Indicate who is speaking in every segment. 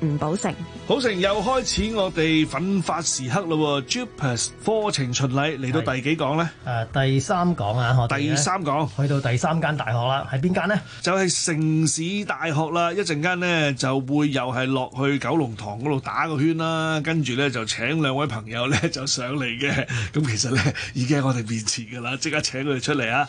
Speaker 1: 吳寶成，
Speaker 2: 寶成又開始我哋奮發時刻咯，Jupas 課程巡禮嚟到第幾講咧？誒，第三講啊，第三講，去到第三間大學啦，係邊間咧？就係城市大學啦，一陣間咧就會又係落去九龍塘嗰度打個圈啦，跟住咧就請兩位朋友咧就上嚟嘅，咁其實咧已經喺我哋面前噶啦，即刻請佢哋出嚟啊！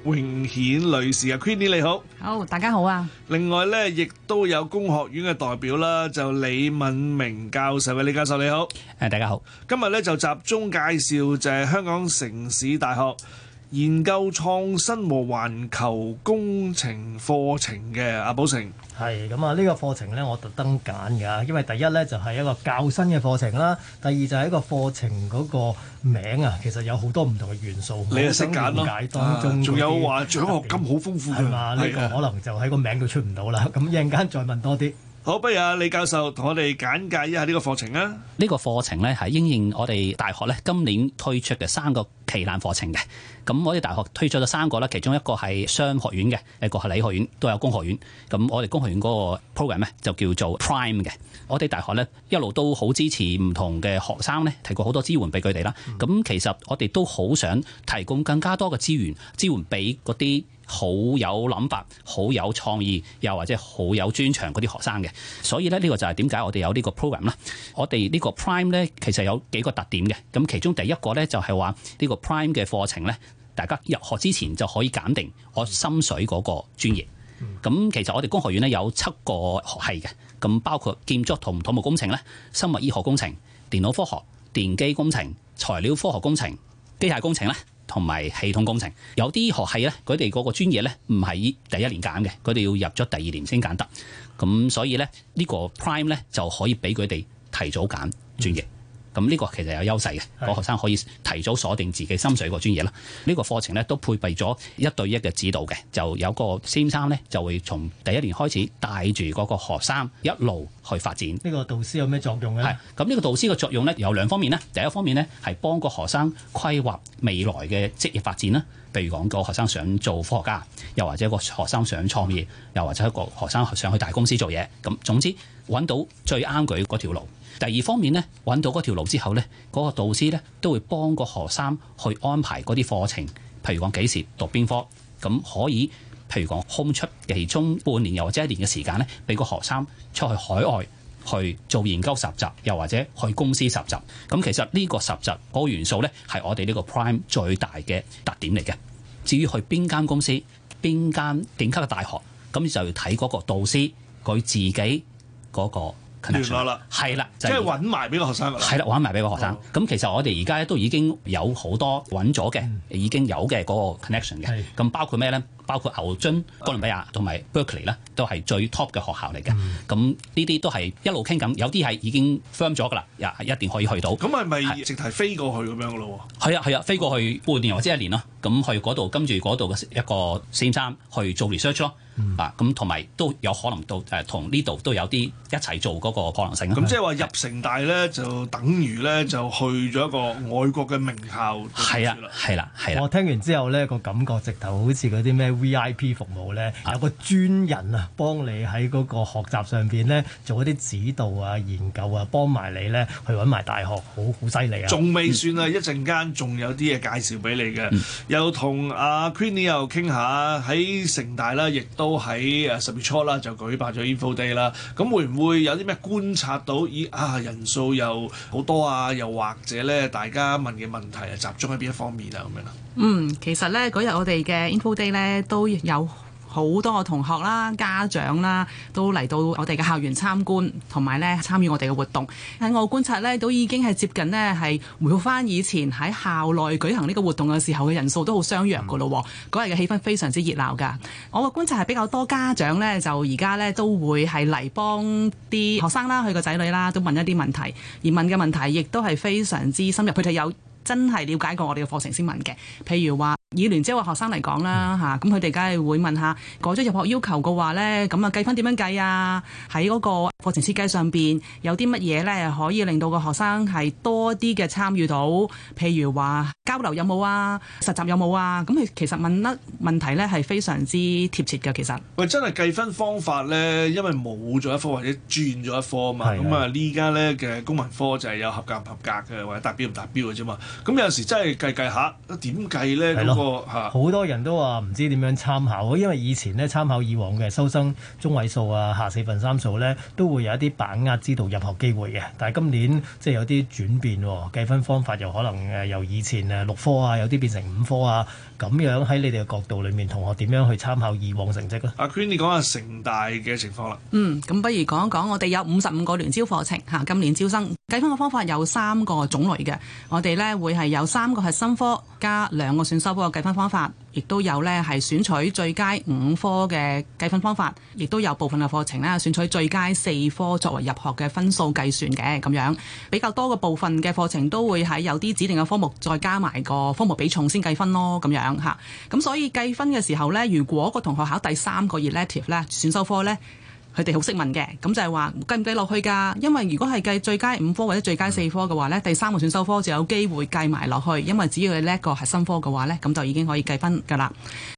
Speaker 2: 詠衍女士啊 Queenie 你好，
Speaker 3: 好、oh，大家好
Speaker 4: 啊！
Speaker 2: 另外咧，亦都有工學院嘅代表啦，就李閩溟教授嘅李教授你好，誒、uh，大家好！今日咧就集中介紹就係香港城市大學研究創新和環球工程課程嘅阿寶成。
Speaker 5: 係咁啊！呢個課程咧，我特登揀㗎，因為第一咧就係一個較新嘅課程啦，第二就係一個課程嗰個名啊，其實有好多唔同嘅元素。
Speaker 2: 你啊識揀咯，仲有話獎學金好豐富係嘛，呢個可
Speaker 5: 能就喺個名度出唔到啦。咁一陣間再問多啲。
Speaker 2: 好，不如啊，李教授同我哋簡介一下呢個課程
Speaker 6: 啦。呢個課程咧係應應我哋大學咧今年推出嘅三個旗艦課程嘅。咁我哋大學推出咗三個啦，其中一個係商學院嘅，一個係理學院，都有工學院。咁我哋工學院嗰個 program 咧就叫做 Prime 嘅。我哋大學咧一路都好支持唔同嘅學生咧，提供好多支援俾佢哋啦。咁其實我哋都好想提供更加多嘅資源支援俾嗰啲。好有諗法，好有創意，又或者好有專長嗰啲學生嘅，所以咧呢個就係點解我哋有呢個 program 啦。我哋呢個 Prime 呢，其實有幾個特點嘅。咁其中第一個呢，就係話呢個 Prime 嘅課程呢，大家入學之前就可以揀定我心水嗰個專業。咁其實我哋工學院呢，有七個學系嘅，咁包括建築同土木工程啦、生物醫學工程、電腦科學、電機工程、材料科學工程、機械工程啦。同埋系統工程，有啲學系呢，佢哋嗰個專業呢唔係第一年揀嘅，佢哋要入咗第二年先揀得。咁所以呢，呢個 Prime 呢就可以俾佢哋提早揀專業。嗯咁、這、呢個其實有優勢嘅，個學生可以提早鎖定自己心水專、個專業啦。呢個課程呢都配備咗一對一嘅指導嘅，就有個先生呢，就會從第一年開始帶住嗰個學生一路去發展。
Speaker 5: 呢、呢個導師有咩作用呢？係
Speaker 6: 咁呢個導師嘅作用呢，有兩方面呢。第一方面呢，係幫個學生規劃未來嘅職業發展啦。譬如講個學生想做科學家，又或者個學生想創業，又或者一個學生想去大公司做嘢，咁總之揾到最啱佢嗰條路。第二方面呢，揾到嗰條路之後呢，嗰個導師呢都會幫個學生去安排嗰啲課程。譬如講幾時讀邊科，咁可以譬如講空出其中半年又或者一年嘅時間呢，俾個學生出去海外。去做研究實習，又或者去公司實習。咁其實呢個實習嗰個元素咧，係我哋呢個 Prime 最大嘅特點嚟嘅。至於去邊間公司、邊間頂級嘅大學，咁就要睇嗰個導師佢自己嗰個 connection。明白啦，係啦，即係揾埋俾個學生。係啦、哦，揾埋俾個學生。咁其實我哋而家都已經有好多揾咗嘅，已經有嘅嗰個 connection 嘅。咁包括咩咧？包括牛津、哥倫比亞同埋 Berkeley 咧，都係最 top 嘅學校嚟嘅。咁呢啲都係一路傾緊，有啲係已經 firm 咗噶啦，一定可以去到。咁係咪
Speaker 2: 直接飛過去咁樣咯？
Speaker 6: 係啊係啊，飛過去半年或者一年咯。咁去嗰度，跟住嗰度嘅一個師生去做 research 咯、嗯。啊，咁同埋都有可能到同呢度都有啲一齊做嗰個可能性，咁即係話
Speaker 2: 入城大咧，就等於咧就去咗一個外國嘅名校。係啊，
Speaker 5: 係啦、啊，係啦、啊啊啊。我聽完之後咧，個感覺直頭好似嗰啲咩？V.I.P 服務咧，有個專人啊，幫你喺嗰個學習上邊咧做一啲指導啊、研究啊，幫埋你咧去揾埋大學，好好犀利啊！仲
Speaker 2: 未算、嗯嗯、啊，一陣間仲有啲嘢介紹俾你嘅。又同阿 Queenie 又傾下，喺城大啦，亦都喺誒十月初啦，就舉辦咗 Info Day 啦。咁會唔會有啲咩觀察到？咦啊，人數又好多啊，又或者咧，大家問嘅問題啊，集中喺邊一方面啊，咁樣啊？
Speaker 3: 嗯，其實呢，嗰日我哋嘅 Info Day 呢，都有好多個同學啦、家長啦都嚟到我哋嘅校園參觀，同埋呢參與我哋嘅活動。喺我觀察呢，都已經係接近呢，係回復返以前喺校內舉行呢個活動嘅時候嘅人數都好相若㗎嘅咯。嗰日嘅氣氛非常之熱鬧㗎。我嘅觀察係比較多家長呢，就而家呢，都會係嚟幫啲學生啦、佢個仔女啦，都問一啲問題，而問嘅問題亦都係非常之深入，佢哋有。真係了解過我哋嘅課程先問嘅，譬如話以聯招嘅學生嚟講啦嚇，咁佢哋梗係會問下改咗入學要求嘅話呢，咁啊計分點樣計啊？喺嗰個課程設計上面，有啲乜嘢呢？可以令到個學生係多啲嘅參與到，譬如話交流有冇啊，實習有冇啊？咁佢其實問得問題呢係非常之貼切嘅，其實
Speaker 2: 喂，真係計分方法呢，因為冇咗一科或者轉咗一科啊嘛，咁啊呢家呢嘅公民科就係有合格唔合格嘅，或者達標唔達標嘅啫嘛。咁有時真係計計下，點計呢？嗰個
Speaker 5: 好多人都話唔知點樣參考，因為以前呢參考以往嘅收生中位數啊、下四分三數呢，都會有一啲把握知道入學機會嘅。但今年即係有啲轉變，計分方法又可能由以前六科啊，有啲變成五科啊，咁樣喺你哋嘅角度裏面，同學點樣去參考以往成績咧？阿 Queen 你講下城
Speaker 2: 大嘅情況啦。嗯，
Speaker 3: 咁不如講一講我哋有五十五個聯招課程，今年招生計分嘅方法有三個種類嘅，我哋呢。會係有三個核心科加兩個選修科嘅計分方法，亦都有呢係選取最佳五科嘅計分方法，亦都有部分嘅課程咧選取最佳四科作為入學嘅分數計算嘅。咁樣比較多嘅部分嘅課程都會喺有啲指定嘅科目再加埋個科目比重先計分咯，咁樣吓，咁所以計分嘅時候呢，如果個同學考第三個 elective 呢，選修科呢。佢哋好識問嘅，咁就係話計唔計落去噶？因為如果係計最佳五科或者最佳四科嘅話呢，第三個選修科就有機會計埋落去，因為只要你呢一個核心科嘅話呢，咁就已經可以計分噶啦。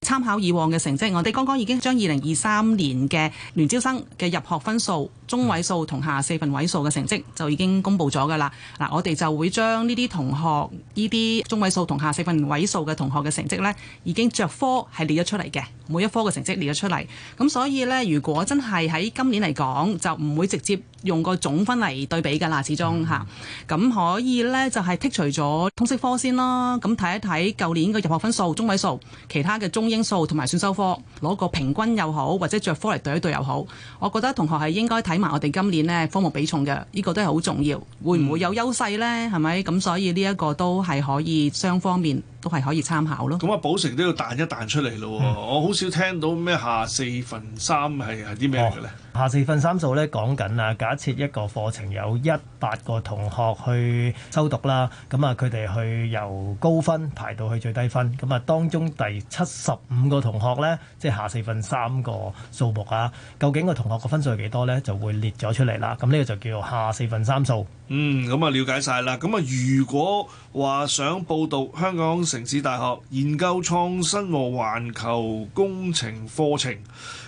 Speaker 3: 參考以往嘅成績，我哋剛剛已經將二零二三年嘅聯招生嘅入學分數。中位數同下四分位數嘅成績就已經公布咗㗎喇。嗱，我哋就會將呢啲同學呢啲中位數同下四分位數嘅同學嘅成績呢，已經著科係列咗出嚟嘅，每一科嘅成績列咗出嚟。咁所以呢，如果真係喺今年嚟講，就唔會直接。用個總分嚟對比㗎啦，始終嚇咁可以呢，就係、是、剔除咗通識科先啦，咁、啊、睇一睇舊年嘅入學分數、中位數、其他嘅中英數同埋選修科攞個平均又好，或者着科嚟對一對又好。我覺得同學係應該睇埋我哋今年呢科目比重嘅，呢、這個都係好重要。會唔會有優勢呢？係咪咁？所以呢一個都係可以雙方面。都係可以參
Speaker 2: 考咯。咁啊，寶成都要彈一彈出嚟咯。嗯、我好少聽到咩下四分三係啲咩嘅咧？
Speaker 5: 下四分三數咧講緊啊，假設一個課程有一。八個同學去修讀啦，咁啊佢哋去由高分排到去最低分，咁啊當中第七十五個同學呢，即係下四分三個數目啊，究竟個同學個分數係幾多呢？就會列咗出嚟啦。咁、這、呢個就叫做下四分三數。
Speaker 2: 嗯，咁啊了解晒啦。咁啊如果話想報讀香港城市大學研究創新和環球工程課程，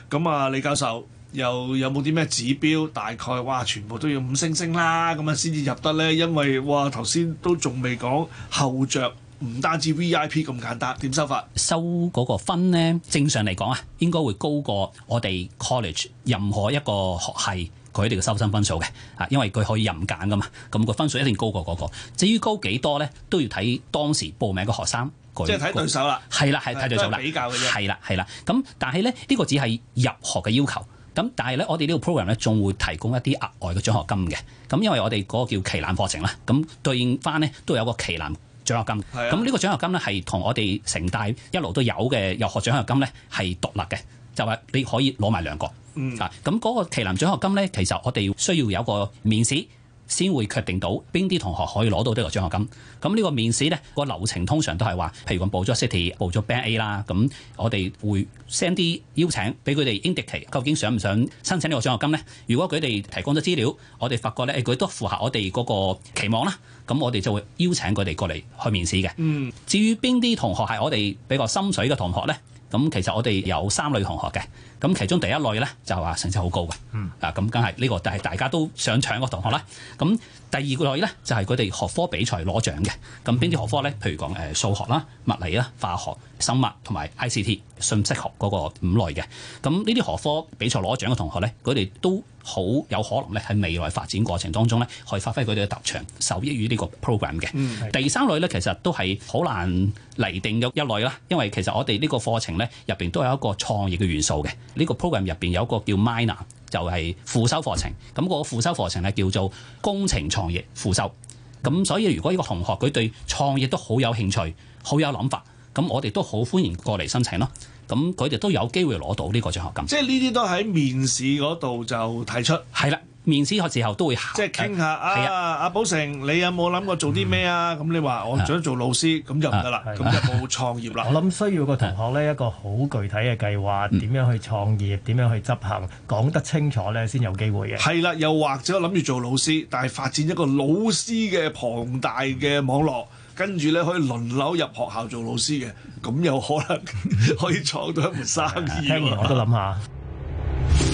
Speaker 2: 咁啊李教授，又有冇啲咩指標？大概哇，全部都要五星星啦，咁啊先至入得呢。因為哇，頭先都仲未講後着，唔單止 VIP 咁簡單，點收法？收嗰個分呢，正常嚟講啊，應該會高過我哋
Speaker 6: college 任何一個學系佢哋嘅收生分數嘅啊，因為佢可以任揀噶嘛。咁個分數一定高過嗰個。至於高幾多呢，都要睇當時報名嘅學生。即係睇對手啦。係啦，係睇對手啦。比較嘅啫。係啦，係啦。咁但係呢，呢個只係入學嘅要求。咁但係咧，我哋呢個 program 咧，仲會提供一啲額外嘅獎學金嘅。咁因為我哋嗰個叫旗艦課程啦，咁對應翻咧都有個旗艦獎學金。咁呢個獎學金咧係同我哋城大一路都有嘅遊學獎學金咧係獨立嘅，就係、是、你可以攞埋兩個。嗯、啊，咁、那、嗰個旗艦獎學金咧，其實我哋需要有個面試。先會確定到邊啲同學可以攞到呢個獎學金。咁呢個面試呢個流程通常都係話，譬如講報咗 City、報咗 Band A 啦，咁我哋會 send 啲邀請俾佢哋 indicate，究竟想唔想申請呢個獎學金呢？如果佢哋提供咗資料，我哋發覺呢，佢都符合我哋嗰個期望啦，咁我哋就會邀請佢哋過嚟去面試嘅。嗯，至於邊啲同學係我哋比較心水嘅同學呢？咁其實我哋有三類同學嘅，咁其中第一類咧就係話成績好高嘅，嗯，啊咁梗係呢個就係大家都想搶個同學啦，咁。第二類咧就係佢哋學科比賽攞獎嘅，咁邊啲學科咧？譬如講誒、呃、數學啦、物理啦、化學、生物同埋 I C T 信息學嗰個五類嘅，咁呢啲學科比賽攞獎嘅同學咧，佢哋都好有可能咧喺未來發展過程當中咧，可以發揮佢哋嘅特長，受益於呢個 program 嘅、嗯。第三類咧，其實都係好難釐定嘅一類啦，因為其實我哋呢個課程咧入面都有一個創意嘅元素嘅，呢個 program 入面有一個叫 minor。就係、是、副修課程，咁、那個副修課程咧叫做工程創業副修，咁所以如果呢個同學佢對創業都好有興趣，好有諗法，咁我哋都好歡迎過嚟申請咯，咁佢哋都有機會攞到呢個獎學金。即係呢啲都喺面
Speaker 2: 試嗰度就提出。係啦。面試嘅時候都會考即係傾下啊，阿、啊啊、寶成，你有冇諗過做啲咩啊？咁、嗯、你話我想做老師，咁、嗯、就唔得啦，咁、啊、就冇創業啦。我諗
Speaker 5: 需要一個同學咧一個好具體嘅計劃，點、嗯、樣去創業，點樣去執行，講得清楚咧先有機會嘅。係
Speaker 2: 啦、啊，又或者諗住做老師，但係發展一個老師嘅龐大嘅網絡，跟住咧可以輪流入學校做老師嘅，咁有可能可以創到一門生意。啊、聽完我都諗下。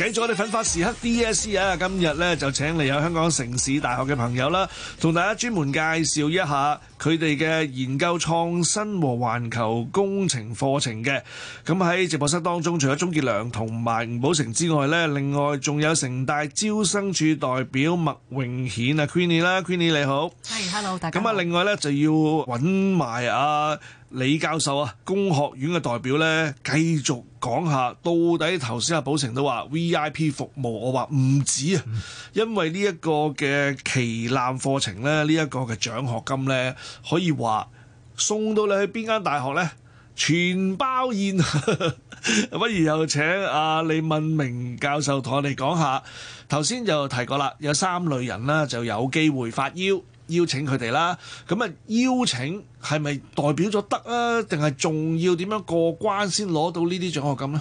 Speaker 2: 計咗我哋粉發時刻 DSC 啊！今日咧就請嚟有香港城市大學嘅朋友啦，同大家專門介紹一下佢哋嘅研究創新和環球工程課程嘅。咁喺直播室當中，除咗鍾潔良同埋吳寶成之外咧，另外仲有城大招生處代表麥詠衍啊，Queenie 啦，Queenie 你好。係
Speaker 5: ，Hello 大家。咁啊，
Speaker 2: 另外咧就要揾埋啊。李教授啊，工學院嘅代表呢，繼續講下到底頭先阿寶成都話 VIP 服務，我話唔止啊，因為呢一個嘅旗艦課程呢，呢、這、一個嘅獎學金呢，可以話送到你去邊間大學呢？全包宴， 不如又請阿李閩溟教授同我哋講下，頭先就提過啦，有三類人啦，就有機會發腰。邀請佢哋啦，咁啊邀請係咪代表咗得啊？定係仲要點樣過關先攞到呢啲獎學金咧？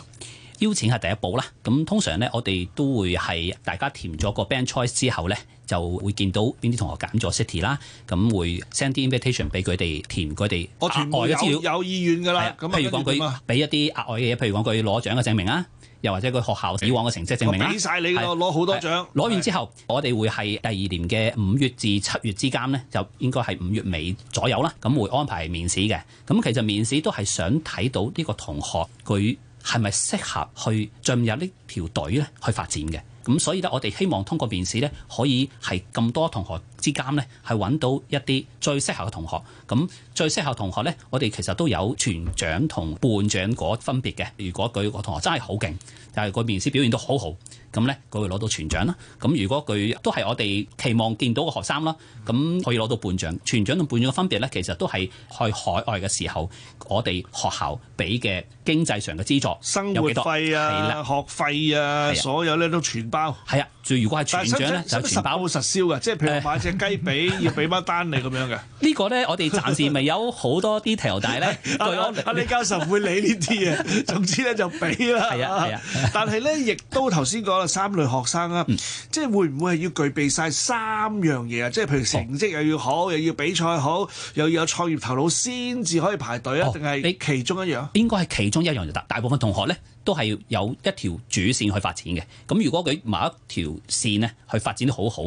Speaker 6: 邀請係第一步啦。咁通常咧，我哋都會係大家填咗個 band choice 之後咧，就會見到邊啲同學揀咗 City 啦。咁會 send 啲 invitation 俾佢哋填佢哋額外嘅資料，有
Speaker 2: 有意願㗎啦。譬如講佢
Speaker 6: 俾一啲額外嘅嘢，譬如講佢攞獎嘅證明啊。又或者佢學校以往嘅成績證明畀晒你，攞好多獎，攞完之後，我哋會係第二年嘅五月至七月之間呢，就應該係五月尾左右啦，咁會安排面試嘅。咁其實面試都係想睇到呢個同學佢係咪適合去進入呢條隊呢去發展嘅。咁所以呢，我哋希望通過面試呢，可以係咁多同學。之間呢，係揾到一啲最適合嘅同學，咁最適合同學呢，我哋其實都有全長同半長嗰分別嘅。如果佢個同學真係好勁，但係個面試表現都好好，咁咧，佢會攞到全獎啦。咁如果佢都係我哋期望見到嘅學生啦，咁可以攞到半獎。全獎同半獎嘅分別咧，其實都係去海外嘅時候，我哋學校
Speaker 2: 俾嘅經濟上嘅資助，
Speaker 6: 生活費、啊？係啦，
Speaker 2: 學費啊，所有咧都全包。係啊，所以、啊、如果係全獎咧，就全包。實把會實銷嘅，即係譬如買隻雞髀， 要俾翻單你咁樣嘅。這個、
Speaker 6: 呢個咧，我哋暫時咪有好多啲 detail 咧，阿、 啊、
Speaker 2: 李教授會理呢啲嘢。 總之咧，就俾啦。係啊，係啊。但係咧，亦都頭先講。三類學生啊，即係會唔會係要具備晒三樣嘢啊？即係譬如成績又要好，又要比賽好，又要有創業頭腦先至可以排隊啊？定係你其中一樣？
Speaker 6: 應該係其中一樣就得。大部分同學呢，都係有一條主線去發展嘅。咁如果佢某一條線呢，去發展得好好。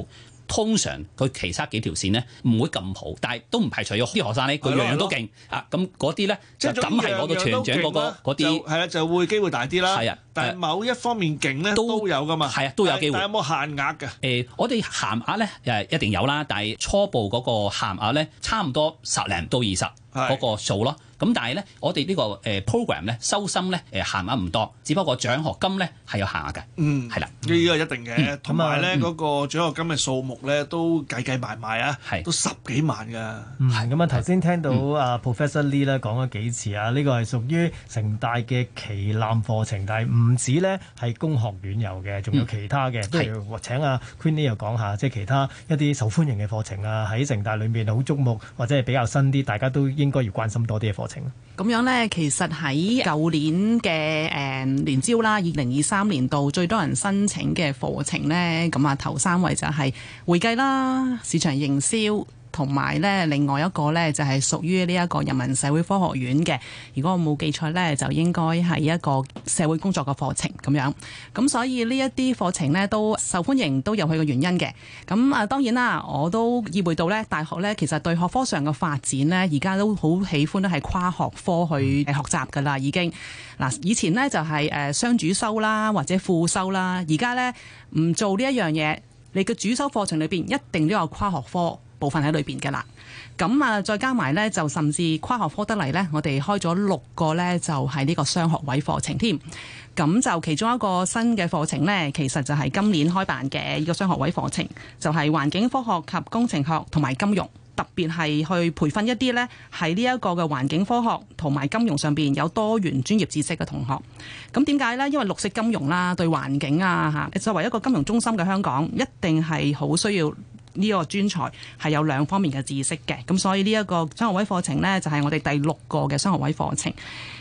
Speaker 6: 通常佢其他幾條線咧唔會咁好，但係都唔排除有啲學生咧佢、啊啊就係樣,就係嗰個、樣都勁啊！咁嗰啲咧就咁係攞到全獎嗰個嗰啲係啦，就會機會大啲啦。係啊，但係某一方面勁咧都,都有噶嘛。係啊，都有機會。但,但有冇限額㗎、啊？我哋限額咧一定有啦，但係初步嗰個限額咧差唔多十零到二十。嗰個數咯，咁但係咧，我哋呢個誒 program 咧收生咧誒限額唔多，只不過獎學金咧係有限額嘅，嗯，係啦，
Speaker 2: 呢個一定嘅，同埋咧嗰個獎學金嘅數目咧都計計埋埋啊，係，都十幾萬㗎，
Speaker 5: 係咁啊！頭先聽到阿 Professor Lee 咧講咗幾次啊，呢個係屬於城大嘅旗艦課程，但係唔止咧係工學院有嘅，仲有其他嘅，譬如我請阿 Queenie 又講下，即係其他一啲受歡迎嘅課程啊，喺城大裏面好矚目或者係比較新啲，大家都。應該要關心多啲嘅課程。
Speaker 3: 咁樣呢，其實喺舊年嘅誒年招啦，二零二三年度最多人申請嘅課程呢，咁啊頭三位就係會計啦、市場營銷。同埋咧，另外一個咧就係屬於呢一個人文社會科學院嘅。如果我冇記錯咧，就應該係一個社會工作嘅課程咁樣。咁所以呢一啲課程咧都受歡迎，都有佢嘅原因嘅。咁啊，當然啦，我都意會到咧，大學咧其實對學科上嘅發展咧，而家都好喜歡咧係跨學科去學習噶啦。已經嗱，以前呢，就係誒雙主修啦，或者副修啦，而家咧唔做呢一樣嘢，你嘅主修課程裏邊一定都有跨學科。部分喺裏邊嘅啦，咁啊再加埋咧，就甚至跨學科得嚟咧，我哋開咗六個咧，就係呢個雙學位課程添。咁就其中一個新嘅課程咧，其實就係今年開辦嘅呢個雙學位課程，就係環境科學及工程學同埋金融，特別係去培訓一啲咧喺呢一個嘅環境科學同埋金融上邊有多元專業知識嘅同學。咁點解咧？因為綠色金融啦，對環境啊吓，作為一個金融中心嘅香港，一定係好需要。呢個專才係有兩方面嘅知識嘅，咁所以呢一個雙學位課程呢，就係我哋第六個嘅雙學位課程。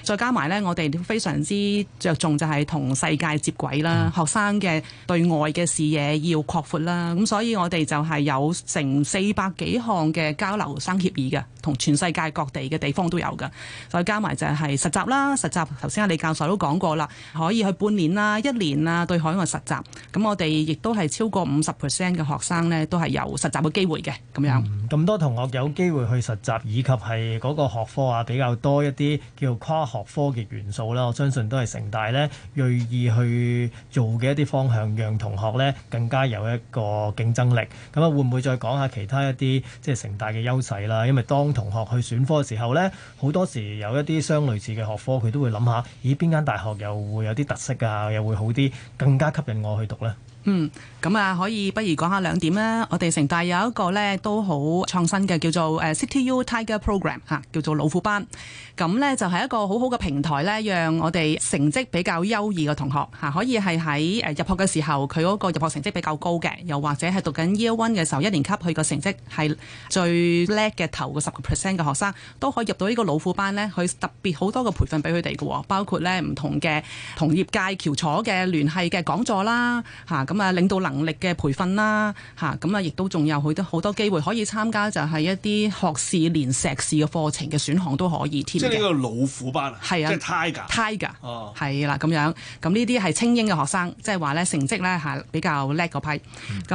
Speaker 3: 再加埋呢，我哋非常之着重就係同世界接軌啦，學生嘅對外嘅視野要擴闊啦。咁所以我哋就係有成四百幾項嘅交流生協議嘅，同全世界各地嘅地方都有嘅。再加埋就係實習啦，實習頭先阿李教授都講過啦，可以去半年啦、一年啦對海外實習。咁我哋亦都係超過五十 percent 嘅學生呢，都係有。有實習嘅機會
Speaker 5: 嘅咁樣，咁、嗯、多同學有機會去實習，以及係嗰個學科啊比較多一啲叫跨學科嘅元素啦。我相信都係城大呢，鋭意去做嘅一啲方向，讓同學呢更加有一個競爭力。咁啊，會唔會再講下其他一啲即係城大嘅優勢啦？因為當同學去選科嘅時候呢，好多時有一啲相類似嘅學科，佢都會諗下，咦邊間大學又會有啲特色啊，又會好啲，更加吸引我去讀呢。
Speaker 3: 嗯，咁啊可以不如講下兩點啦。我哋城大有一個咧都好創新嘅，叫做誒 CityU Tiger Program 嚇，叫做老虎班。咁咧就係一個好好嘅平台咧，讓我哋成績比較優異嘅同學嚇，可以係喺誒入學嘅時候，佢嗰個入學成績比較高嘅，又或者係讀緊 Year One 嘅時候一年級佢個成績係最叻嘅頭個十個 percent 嘅學生，都可以入到呢個老虎班咧，去特別好多嘅培訓俾佢哋嘅，包括咧唔同嘅同業界翹楚嘅聯繫嘅講座啦嚇。咁啊，領導能力嘅培訓啦，吓，咁啊，亦都仲有好多好多機會可以參加，就係一啲學士，連碩士嘅課程嘅選項都可以添。即係呢個
Speaker 2: 老虎班啊？係啊即
Speaker 3: Tiger?，tiger 哦，係啦，啊，咁樣，咁呢啲係精英嘅學生，即係話咧成績咧嚇比較叻個批。咁，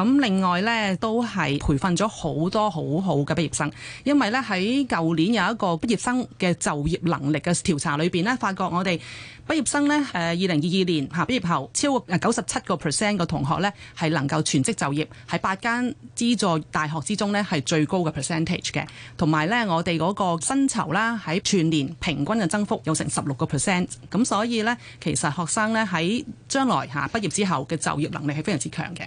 Speaker 3: 嗯、另外咧都係培訓咗好多好好嘅畢業生，因為咧喺舊年有一個畢業生嘅就業能力嘅調查裏邊咧，發覺我哋畢業生咧誒二零二二年吓畢業後超過九十七個 percent 嘅同學學咧係能夠全職就業，喺八間資助大學之中咧係最高嘅 percentage 嘅，同埋咧我哋嗰個薪酬啦，喺全年平均嘅增幅有成十六個 percent，咁所以咧其實學生咧喺將來吓畢業之後嘅就業能力係非常之強嘅。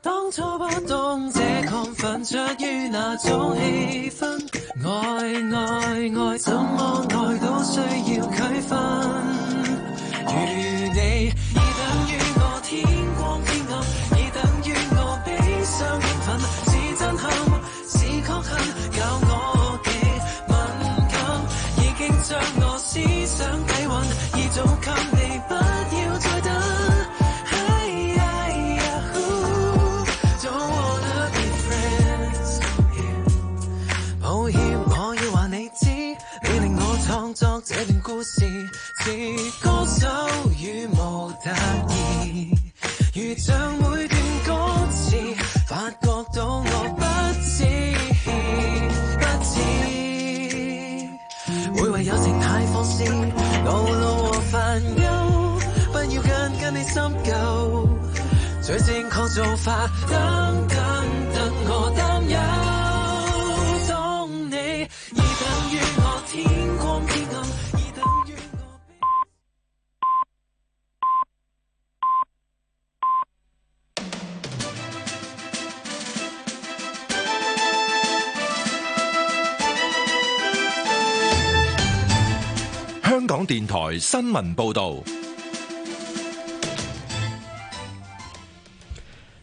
Speaker 4: 當初不懂這亢奮出於那種氣氛，愛愛愛，怎麼愛都需要區分。如你，已等於我天光天暗，已等於我悲傷興奮，是震撼，是亢奮，教我極敏感，已經將我思想。
Speaker 2: 電台新聞報道。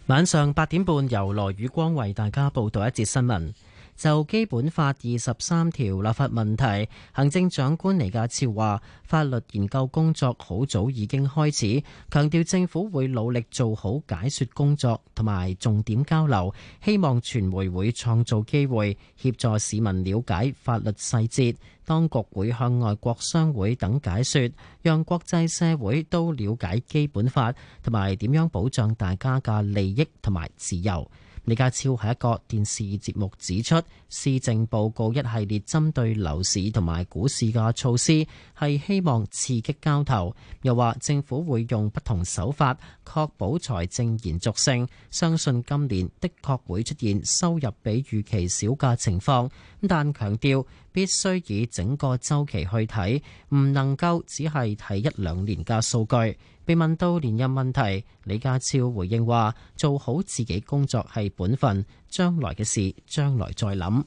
Speaker 1: 晚上八點半，由羅宇光為大家報道一節新聞。就《基本法》二十三條立法問題，行政長官李家超話：法律研究工作好早已經開始，強調政府會努力做好解説工作同埋重點交流，希望傳媒會創造機會協助市民了解法律細節。當局會向外國商會等解説，讓國際社會都了解《基本法》同埋點樣保障大家嘅利益同埋自由。李家超喺一個電視節目指出，施政報告一系列針對樓市同埋股市嘅措施，係希望刺激交投。又話政府會用不同手法確保財政延續性。相信今年的確會出現收入比預期少嘅情況，但強調。必須以整個週期去睇，唔能夠只係睇一兩年嘅數據。被問到連任問題，李家超回應話：做好自己工作係本分，將來嘅事，將來再諗。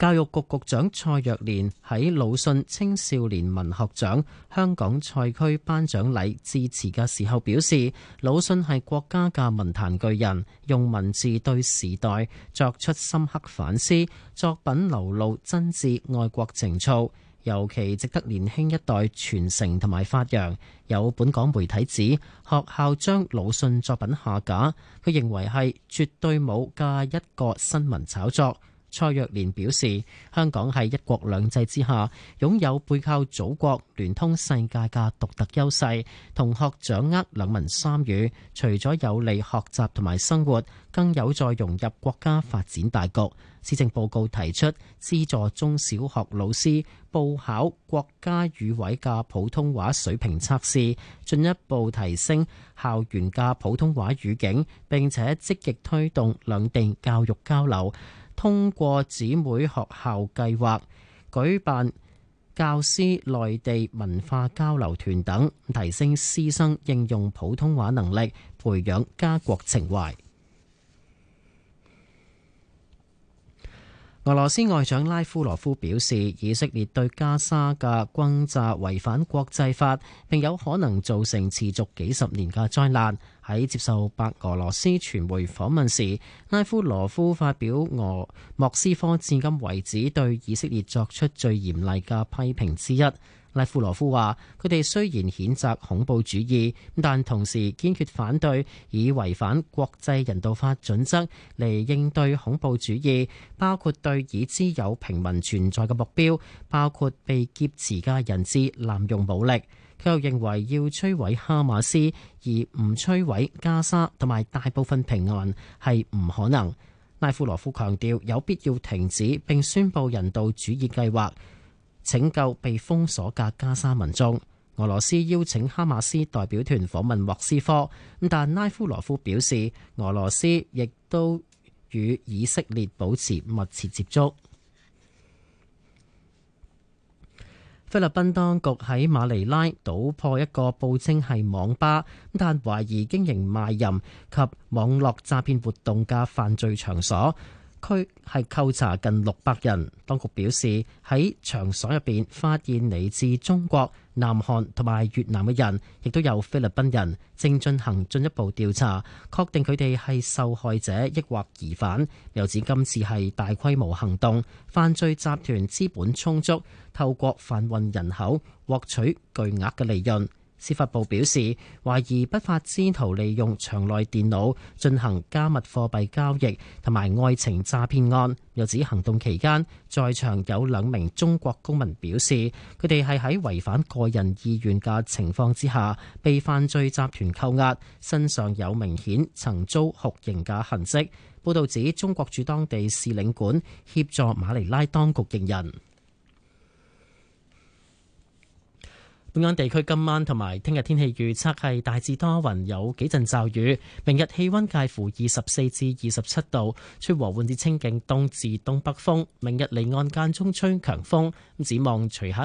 Speaker 1: 教育局局長蔡若蓮喺魯迅青少年文學獎香港賽區頒獎禮致辭嘅時候表示，魯迅係國家嘅文壇巨人，用文字對時代作出深刻反思，作品流露真摯愛國情操，尤其值得年輕一代傳承同埋發揚。有本港媒體指學校將魯迅作品下架，佢認為係絕對冇加一個新聞炒作。蔡若蓮表示，香港喺一國兩制之下，擁有背靠祖國、聯通世界嘅獨特優勢。同學掌握兩文三語，除咗有利學習同埋生活，更有助融入國家發展大局。施政報告提出，資助中小學老師報考國家語委嘅普通話水平測試，進一步提升校園嘅普通話語境，並且積極推動兩地教育交流。通過姊妹學校計劃，舉辦教師內地文化交流團等，提升師生應用普通話能力，培養家國情懷。俄羅斯外長拉夫羅夫表示，以色列對加沙嘅轟炸違反國際法，並有可能造成持續幾十年嘅災難。喺接受白俄羅斯傳媒訪問時，拉夫羅夫發表俄莫斯科至今為止對以色列作出最嚴厲嘅批評之一。拉夫羅夫話：佢哋雖然譴責恐怖主義，但同時堅決反對以違反國際人道法準則嚟應對恐怖主義，包括對已知有平民存在嘅目標，包括被劫持嘅人質濫用武力。佢又認為要摧毀哈馬斯，而唔摧毀加沙同埋大部分平民係唔可能。拉夫羅夫強調有必要停止並宣布人道主義計劃。拯救被封鎖嘅加沙民眾。俄羅斯邀請哈馬斯代表團訪問莫斯科，但拉夫羅夫表示，俄羅斯亦都與以色列保持密切接觸。菲律賓當局喺馬尼拉搗破一個報稱係網吧，但懷疑經營賣淫及網絡詐騙活動嘅犯罪場所。區係扣查近六百人，當局表示喺場所入邊發現嚟自中國、南韓同埋越南嘅人，亦都有菲律賓人，正進行進一步調查，確定佢哋係受害者抑或疑犯。又指今次係大規模行動，犯罪集團資本充足，透過販運人口獲取巨額嘅利潤。司法部表示，懷疑不法之徒利用場內電腦進行加密貨幣交易同埋愛情詐騙案。又指行動期間，在場有兩名中國公民表示，佢哋係喺違反個人意願嘅情況之下，被犯罪集團扣押，身上有明顯曾遭酷刑嘅痕跡，報道指，中國駐當地市領館協助馬尼拉當局認人。本港地區今晚同埋聽日天氣預測係大致多雲，有幾陣驟雨。明日氣溫介乎二十四至二十七度，吹和緩至清勁東至東北風，明日離岸間中吹強風，咁展望除下。